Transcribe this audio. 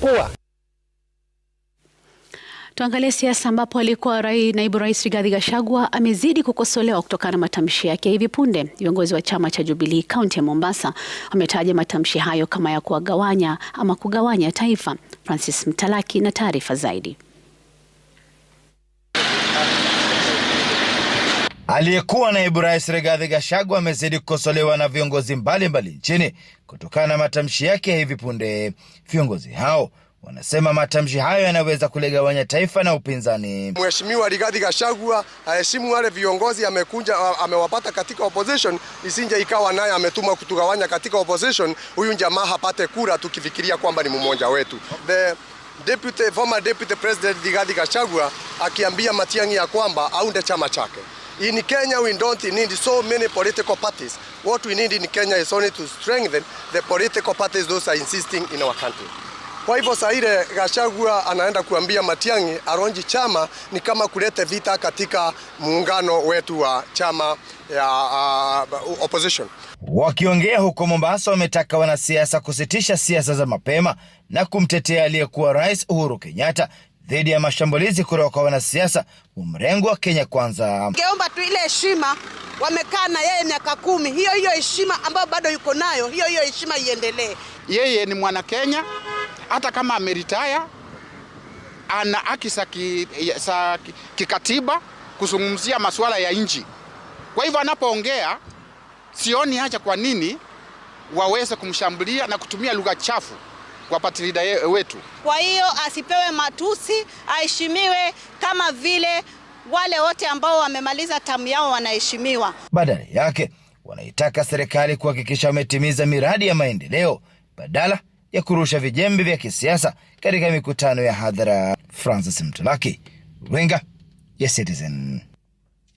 kuwa Tuangalie siasa ambapo alikuwa rai, naibu rais Rigathi Gachagua amezidi kukosolewa kutokana na matamshi yake hivi punde. Viongozi wa chama cha Jubilee kaunti ya Mombasa wametaja matamshi hayo kama ya kuwagawanya ama kugawanya taifa. Francis Mtalaki na taarifa zaidi. Aliyekuwa naibu rais Rigathi Gachagua amezidi kukosolewa na viongozi mbalimbali nchini kutokana na matamshi yake ya hivi punde. Viongozi hao wanasema matamshi hayo yanaweza kuligawanya taifa na upinzani. Mheshimiwa Rigathi Gachagua aheshimu wale viongozi amekunja amewapata katika opposition, isinje ikawa naye ametumwa kutugawanya katika opposition. Huyu jamaa hapate kura, tukifikiria kwamba ni mmoja wetu. The deputy, former deputy president Rigathi Gachagua akiambia Matiang'i ya kwamba aunde chama chake. In Kenya, we don't need so many political parties. What we need in Kenya is only to strengthen the political parties those are insisting in our country. Kwa hivyo Saire Gashagua anaenda kuambia Matiang'i aronji chama ni kama kulete vita katika muungano wetu wa chama ya uh, opposition. Wakiongea huko Mombasa, wametaka wanasiasa kusitisha siasa za mapema na kumtetea aliyekuwa Rais Uhuru Kenyatta dhidi ya mashambulizi kutoka kwa wanasiasa wa mrengo wa Kenya Kwanza. Ngeomba tu ile heshima wamekaa na yeye miaka kumi, hiyo hiyo heshima ambayo bado yuko nayo, hiyo hiyo heshima iendelee. Yeye ni mwana Kenya, hata kama ameritaya ana haki za kikatiba kuzungumzia masuala ya nchi. Kwa hivyo anapoongea, sioni haja kwa nini waweze kumshambulia na kutumia lugha chafu kwa patilida wetu. Kwa hiyo asipewe matusi, aheshimiwe kama vile wale wote ambao wamemaliza tamu yao wanaheshimiwa. Badala yake wanaitaka serikali kuhakikisha wametimiza miradi ya maendeleo badala ya kurusha vijembe vya kisiasa katika mikutano ya hadhara. Francis mtulaki runinga ya Citizen.